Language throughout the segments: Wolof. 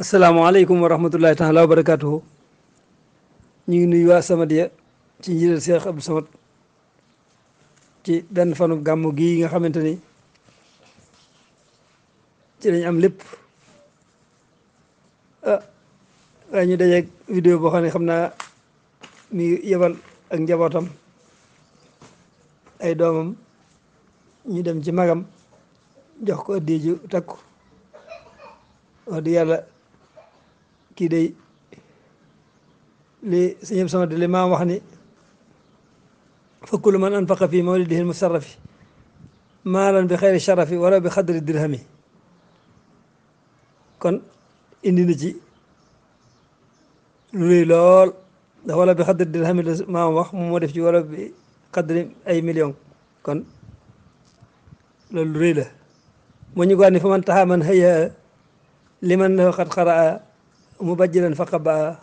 asalaamaaleykum wa rahmatullahi taala wa barakaatuhu ñu ngi nuyu waa Samadiya ci njiital Cheikh Abdou Samad ci benn fanu gàmmu gii nga xamante ni ci lañ am lépp ah waaye ñu dajeeg vidéo boo xam ne xam naa mi yebal ak njabootam ay doomam ñu dem ci magam jox ko addi ju takku wax di kii day li sëñ sama de li maam wax ni fa kullu man anfaqa fi mu almusarrafi maalan bi xayri sharafi wala bi xadri dirhami kon indi na ci lu rëy lool ndax wala bi xadri dirhami la maam wax moom moo def ci wala bi xadri ay million kon loolu lu rëy la moo ñu ko wax ni man taxaa man xëya li man xat xaraa mubajjilan fa xaba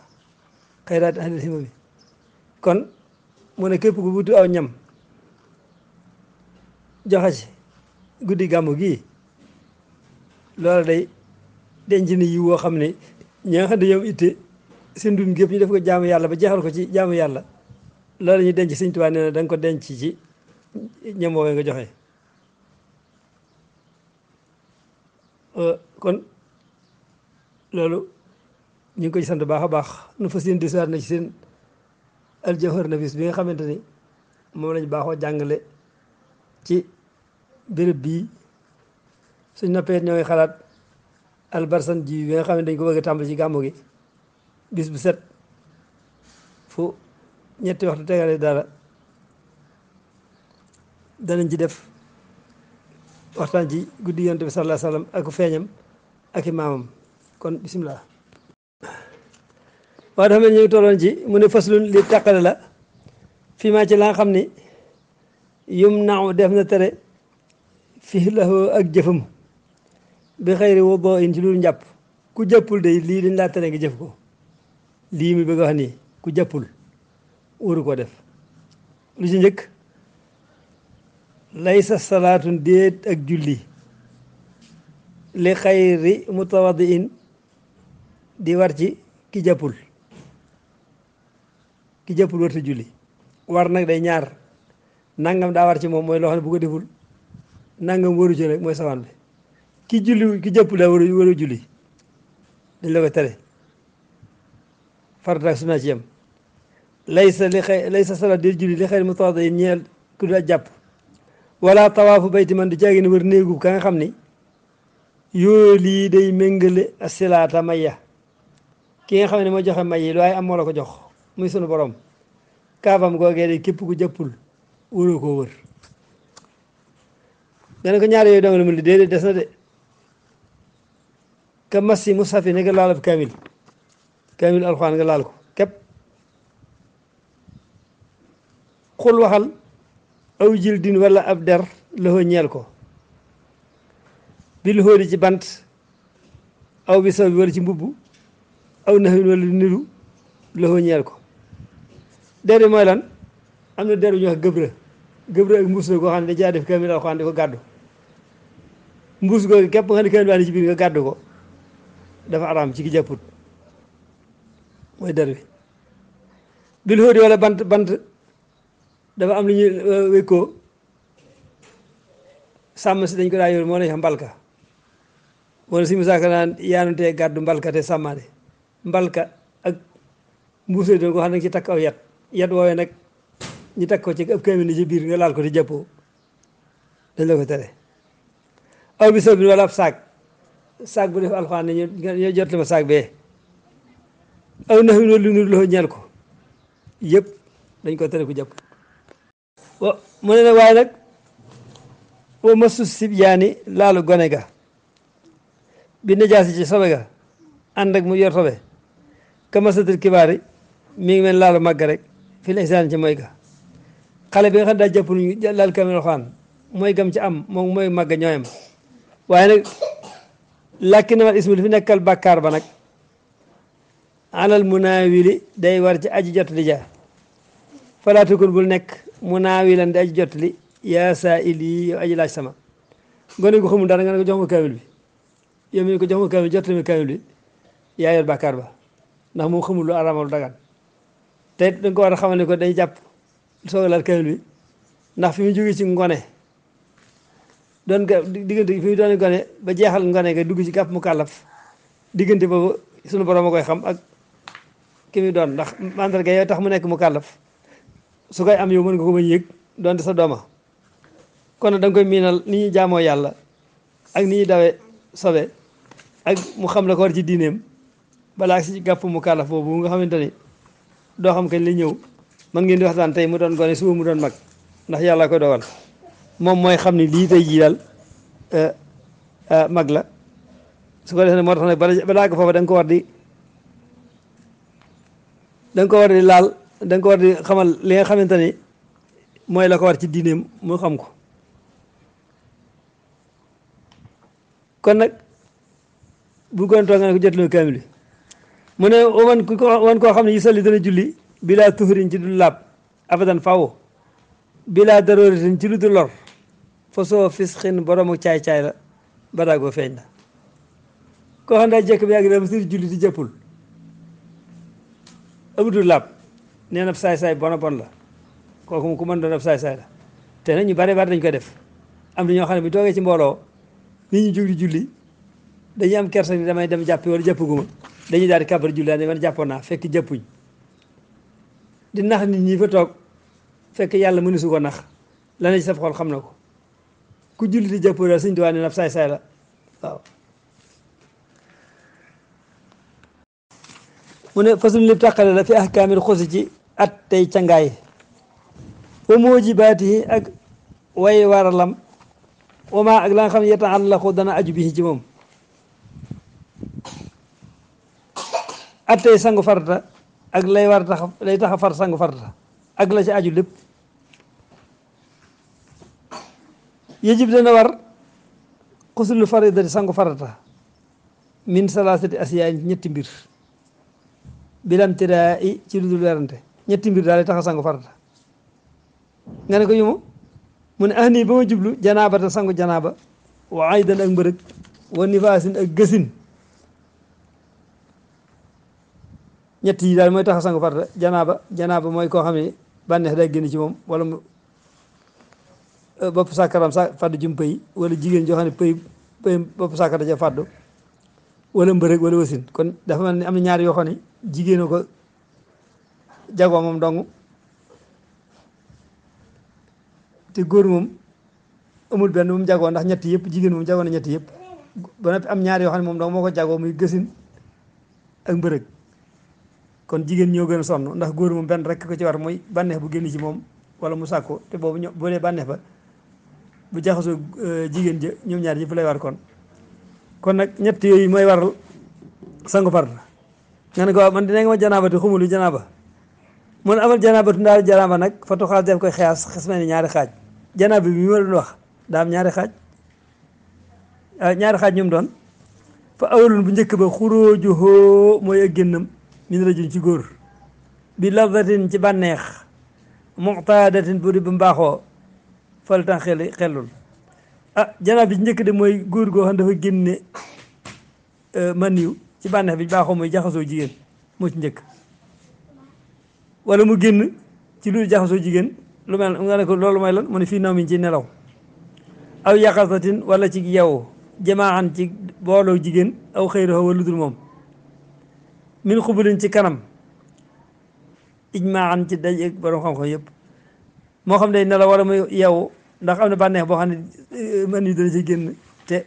xayraat ahlil himami kon mu ne képp ku wutu aw ñam joxe ci guddi gàmmu gii loola day denc ni yi woo xam ne ñi nga xam yow itte seen dund gépp ñu def ko jaamu yàlla ba jeexal ko ci jaamu yàlla loolu ñu denc Sëñ Tuubaa nee na da ko denc ci ñam woowee nga joxe euh, kon loolu ñu ngi ko ci sant baax a baax nu fas yéene disaar na ci seen aljawhar nafis bi nga xamante ni moom lañ baaxoo jàngale ci béréb bii suñ noppee ñoo ngi xalaat albarsan ji bi nga xam ne dañ ko bëgg a tàmbali ci gàmmu gi bis bu set fu ñetti waxtu tegale dara danañ ci def waxtaan ci guddi yonent bi sallallahu alayhi ak feeñam ak i maamam kon bisimilah. waaye dafa mel ñu ngi tolloon ci mu ne faslun li tàqale la fii maa ci la xam ni yum naaw def na tere fii la ak jëfam bi xëyri wo boo in ci lu njàpp ku jàppul de lii dañ laa tere nga jëf ko lii mi bëgg a wax nii ku jàppul waru ko def lu ci njëkk laysa salaatun déet ak julli li xayri mutawadi in di war ci ki jàppul ki jàppul warta julli war nag day ñaar nangam daa war ci moom mooy loo xam ne bu nangam waru ci rek mooy sawaan bi ki julli ki jàppul daa waru juli da dañ la koy tere farata ak sunna ci yem laysa li xëy laysa salaat di julli li xëy mu tawaat yi ñeel ku daa jàpp wala tawaafu bayti man di jaagi ne wër ka nga xam ni yoo lii day méngale asilaata maya ki nga xam ne moo joxe may yi lu waaye am la ko jox muy sunu borom kaabam googee de képp ku jëppul wóoroo koo wër nga ne ko ñaari yooyu dong la mu li déedéet des na de ka massi musafi ne nga laal ab kaamil kaamil alxuraan nga laal ko képp xul waxal aw jildin wala ab der loxo ñeel ko bil xóori ci bant aw bi saw bi wala ci mbubb aw naxin wala niru loxo ñeel ko der bi mooy lan am na der bu ñuy wax gëbrë gëbrë ak mbuus la goo xam ne dañ caa def kaamil alxuraan di ko gàddu mbuus googu képp nga ne kaamil ci biir nga ko dafa araam ci ki mooy der bi bant bant dafa am lu ñuy uh, sàmm si dañ ko daa yor moo lay wax mbalka yaanutee gàddu mbalka te sàmmaade mbalka ak mbuus la doon ko xam ne ci takk aw yat yan woowee nag ñu teg ko ci ëpp kaamil ci biir nga laal ko di jàppoo dañ la ko tere aw bi sëb wala ab saak saak bu def alxuraan ne ñu jot li ma saag bee aw nax wi lu nur loxo ñeel ko yëpp dañ ko tere ku jàpp mu ne nag waaye nag wa masu sib laalu gone ga bi najaasi ci sobe ga ànd ak mu yor sobe kamasatil kibaari mi ngi mel laalu màgg rek fil ihsaan ci mooy ga xale bi nga xam daa jàpp laal kaamil Alxuraan mooy gam ci am moom mooy màgg ñooyam waaye nag lakkinamal ismu li fi nekkal bàkkaar ba nag alal munaawili day war ci aji jot li ja falaatukun bul nekk munaawilan di aji jot li yaa saa il yow aji laaj sama gone gu xamul dara nga ne ko jox ma kaamil bi yow mi ko jox ma kaamil bi yaa yor bàkkaar ba ndax moom xamul lu araamal dagan te it da ko war a xamal ne ko day jàpp soog laal kaamil bi ndax fi mu jógee ci ngone doon ga diggante fi mu doon ngone ba jeexal ngone nga dugg ci gàpp mu kàllaf diggante boobu suñu borom koy xam ak ki doon ndax mandarga yooyu tax mu nekk mu kàllaf su koy am yow mën nga ko bañ yëg doonte sa dooma kon da nga koy miinal ni ñuy jaamoo yàlla ak ni ñuy dawe sobe ak mu xam la ko war ci diineem balaa si gàpp mu kàllaf boobu nga xamante ni doo xam kañ la ñëw man ngeen di waxtaan tey mu doon gone suba mu doon mag ndax yàlla ko dogal moom mooy xam ni lii tey jii daal eh, eh, mag la su ko defee moo tax nag balaa ko foofa ko war di ko war di laal danga nga ko war di xamal li nga xamante ni mooy la ko war ci diineem mu xam ko kon nag bu gone a nga ne ko jotuloo kaamil bi mu ne wan ku koo xam ne yusalli dana julli bila tuhurin ci dul laab abadan faw bilaa darooratin ci lu du lor fa soo fisxin caay-caay la badaagoo feeñ na koo xam ne daa jekk bi yàgg dem sur julli di jëppul abudu laab nee na saay-saay bona bon la kooku ku mën doon ab saay-saay la te nag ñu bare bare dañ ko def am na ñoo xam ne bu toogee ci mbooloo nit ñu jóg di julli dañuy am kerse ni damay dem jàppi wala jàppaguma dañuy daal di kàbbar julli ne man jàppoon naa fekk jàppuñ di nax nit ñi fa toog fekk yàlla mënu su ko nax la ne saf xol xam na ko ku julli di jàppoo daal suñ duwaa ne naf saay-saay la waaw mu ne fasul lib tàqale la fi ahkaamil xosi ci at tey cangaay wa moojibaatihi ak way waralam wama ak la nga xam ne yetaallaqu dana aju bi ci moom attey sangu farata ak lay war tax lay tax far sangu farata ak la ci aju lépp yajib dana war xusul farida di sangu farata min salaasati asiyaa ñetti mbir bilam tidaa i ci lu dul werante ñetti mbir daal lay tax a sangu farata nga ne ko yumu mu ne ah nii sangu janaaba wa aydan ak mbërëg wa nifaasin ak gësin ñett yi mooy tax a sangu farata janaaba janaaba mooy koo xam ne bànneex day génn ci moom wala euh, bopp sàkkaram sa fàddu jum pëy wala jigéen joo xam ne pëy pëy bopp sàkkara ja fàddu wala mbërëg wala wasin kon dafa mel ni am na ñaar jigéen ko jagoo moom dong te góor moom amul benn moom ndax ñetti yëpp jigéen moom jagoo ñetti yëpp ba am ñaar yoo xam moom dong moo ko jagoo muy gësin ak mbërëg kon jigéen ñoo gën a sonn ndax góor moom benn rek ko ci war mooy bànneex bu génn ci moom wala mu sàkko te boobu ño boo dee bànneex ba bu jaxasoo euh, jigéen ja ñoom ñaar ñëpp lay war kon kon nag ñett yooyu mooy waral sangu farata nga ne ko waaw man dina nga ma janaabati xumulu janaaba mun amal janaabatu ndaal janaaba nag fa tuxaas def koy xeyaas xes mel ni ñaari xaaj janaaba bi ma doon wax daam ñaari xaaj ah, ñaari xaaj ñoom doon fa awalun bu njëkk ba min rajul ci góor bi lazatin ci bànneex muxtaadatin bu di bu mbaaxoo fal tan xel xelul ah janaa bi ci njëkk de mooy góor goo xam dafa génne euh, man yu ci banneex bi baaxoo mooy jaxasoo jigéen moo ci njëkk wala mu génn ci lu jaxasoo jigéen lu mel nga ne ko loolu mooy lan mu ne fii naw min ci nelaw aw yaqasatin wala ci yow jamaan ci booloo jigéen aw xëyra wala ludul moom min xubulin ci kanam ijmaa am ci dajeeg borom xam-xam yëpp moo xam day ne la war a yow ndax am na bànneex boo xam ne eh, man yi dana ci génn te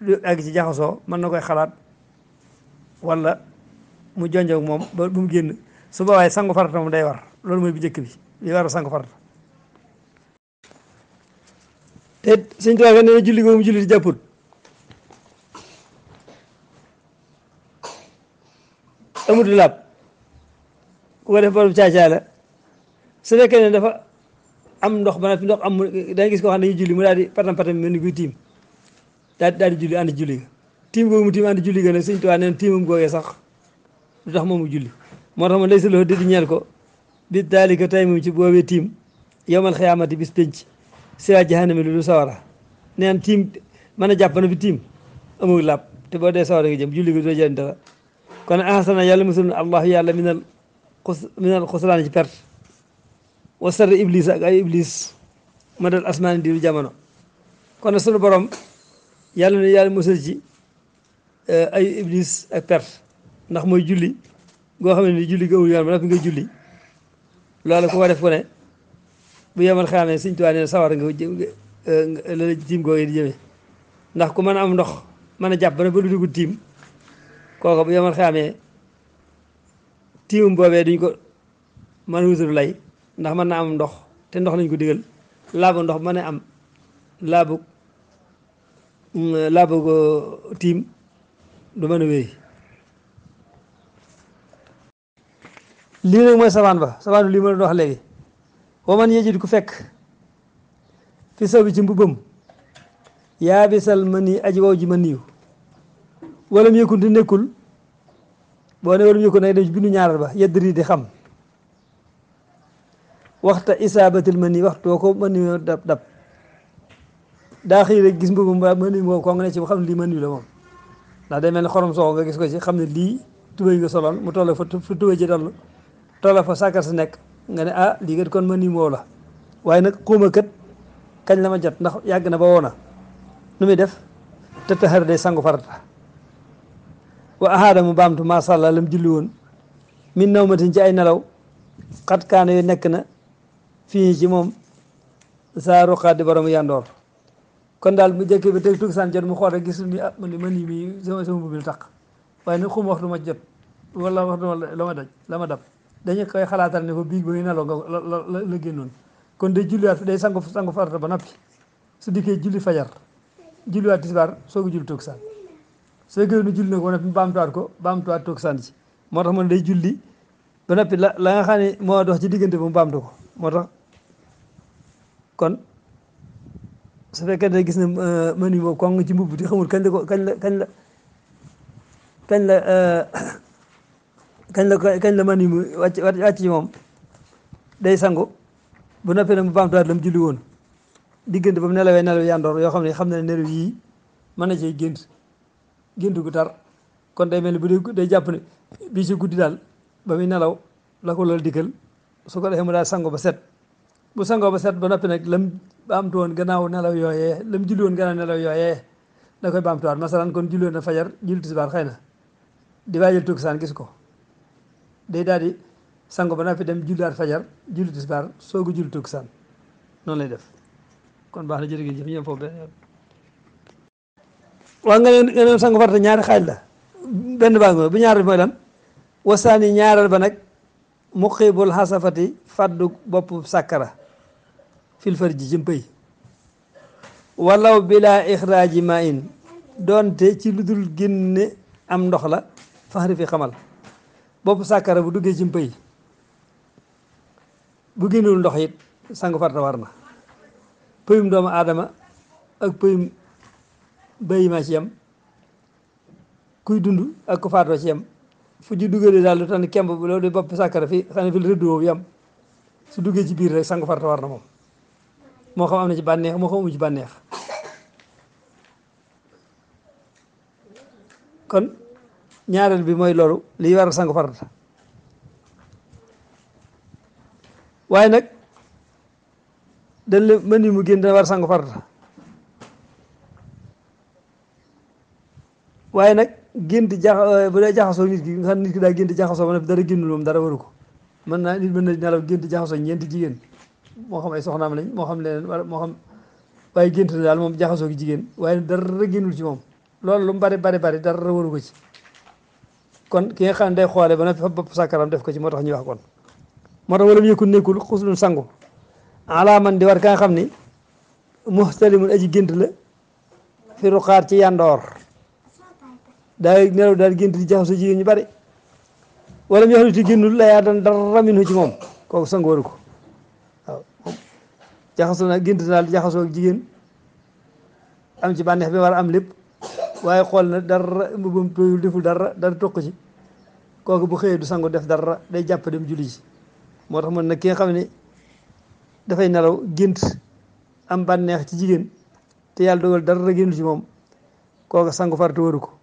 lu ci jaxasoo man na koy xalaat wala mu jonjoog moom ba bu mu génn su boobaay sangu farata moom day war loolu mooy bu njëkk bi li war a sangu farata te sëñ Tuubaa nee julli googu mu julli di jàpput amut laab ku ko def borom caacaa la su fekkee ne dafa am ndox ba noppi ndox am da gis koo xam ne dañuy julli mu daal patam patam mel ni kuy tiim daal daal di julli ànd julli ga tiim googu mu tiim ànd sax lu tax moomu julli moo tax ma lay saloxo di ñeel ko bi daalika tay moom ci boobee tiim yowmal xiyaamati bis penc sira jahannami lu lu sawara neen tiim mën a jàpp na bi tiim amul làpp te boo dee sawara nga jëm julli gi doo jëriñ dara kon ahsana yàlla musul na allah yàlla minal xus minal xuslaan ci perte wa sarri iblis ak ay iblis ma dal diiru jamono kon sunu borom yàlla na yàlla musul ci eh, ay iblis ak perte ndax mooy julli goo xam ne julli gawul yoon ba noppi nga julli loolu ku ko def ko ne bu yemal xaamee suñ tuwaa nee sawar eh, nga la tiim googu di jëmee ndax ku mën a am ndox mën a jàpp ba ne ba du tiim kooka bu yomal xaamee tiimum boobee duñ ko mën wutul lay ndax man na am ndox te ndox lañ ko digal laabu ndox mën am laabu mm, laabu ko tiim du mën a wéy lii nag mooy safaan ba safaan bi lii mën a dox léegi wa man yejit ku fekk fi saw bi ci mbubam yaa bisal mani aji wow ji ma niiw walam yëkkun te nekkul boo ne walam yëkkun nag dem ci bindu ñaaral ba yeddrii di xam waxta isaabatil ma nii waxtoo ko mën ni dab dab daa xëy rek gis mbubum ba mën ni moom ko nga ne ci xam ne lii mën la moom ndax day mel ni xorom soow nga gis ko ci xam ne lii tubéy nga soloon mu tolla fa tubéy ji dall tolla fa sàkkar si nekk nga ne ah lii kat kon mën ni moo la waaye nag xuuma kat kañ la ma jot ndax yàgg na ba woona nu muy def te taxar day waa ahaada mu baamtu maa la lam julli woon min nawmatin ci ay nelaw xat kaana yu nekk na fii ci moom saa ruqaat di borom yandoor kon daal mu jëkkee ba teg tugsaan jot mu xool rek gisul ni ah, man li man yi mii sama sama mbubb la taq waaye ma jot wala waxtu ma la ma daj la ma dab dañu koy xalaatal ne ko biig ba muy nelaw nga la génnoon kon day julliwaat day sangu sangu farata ba noppi su dikkee julli fajar julliwaat tisbaar soogu julli tugsaan soo gëwee nu julli na ko mu noppi baamtuwaat ko baamtuwaat toog sant ci moo tax man day julli ba noppi la la nga xam ne moo dox ci diggante ba mu baamtu ko moo tax kon gis ne mani koŋ ci mbubb di xamul kañ la ko kañ la kañ kañ la kañ euh, kañ la mani mu day sangu bu noppee mu baamtuwaat la mu julli woon diggante ba mu nelawee yandoor yoo xam ne xam ne nelaw yii mën na cee gént gu tar kon day mel ni bu dee jàpp ne bii ci guddi daal ba muy nelaw la ko loolu dikkal su ko defee mu daal sango ba set bu sangoo ba set ba noppi nag lam baamtu woon gannaaw nelaw yooyee lam julli woon gannaaw nelaw yooyee da koy baamtuwaat masalan kon julli woon na fajar julli tisbaar xëy na di waajal tukisaan gis ko day daal di sango ba noppi dem julliwaat fajar julli tisbaar soogu julli tukisaan noonu lay def kon baax na jërëjëf ñoom foofu benn yoon waa nga ne nga sangu farata ñaari xaaj la benn baa nga bu ñaar bi mooy lan wasaani ñaareel ba nag muqibul xasafati faddu bopp sàkkara fil far ji jëm pëy walaw bila ixraaji ma in doonte ci lu dul génne am ndox la faxri fi xamal bopp sàkkara bu duggee ci mpëy bu génnewul ndox it sangu farta war na pëyum doomu aadama ak pëyum bayima ci yam kuy dund ak ku faatoo ci yem fu ñu dugalee daal lu tax ne kemb bu loolu di bopp sàkkara fi xanaa fi rëdd woowu yem su duggee ci biir sangu farata war na moom moo xam am na ci bànneex moo xam amu ci banneex kon ñaareel bi mooy loolu liy waral sangu farata waaye nag dañ la mën ni mu génn dana war sangu farata waaye nag gént jax euh, bu dee jaxasoo nit ki nga xam nit ki daa gént jaxasoo ba dara génnul moom dara waru ko mën naa mën na nelaw gént jaxasoo ñeenti jigéen moo xam ay soxnaam lañ moo xam leneen wala moo xam waaye gént na daal moom jaxasoo gi jigéen waaye dara génnul ci loolu lu mu bari bari bari dara waru ko ci kon ki nga day xoole ba na fa bopp sàkkaram def ko ci moo tax ñuy wax kon moo tax wala mu yëkkul nekkul xuslun sangu alaaman di war ka nga xam ni muxtalimun aji gént la fi ruqaat ci yandoor daal nelaw daal gént di jaxasoo jigéen ñu bari wala mu yaxlu ti génnul layaa dan dara minhu ci moom kooku sangu waru ko waaw moom na gént daal jaxasoo jigéen am ci bànneex bi war am lépp waaye xool na dara mbubam tooyul deful dara dara toq ci kooku bu xëyee du sangu def dara day jàpp dem julli moo tax man nag ki nga ne dafay nelaw gént am ci jigéen te yàlla dogal dara génn ci moom kooku sangu faratu waru ko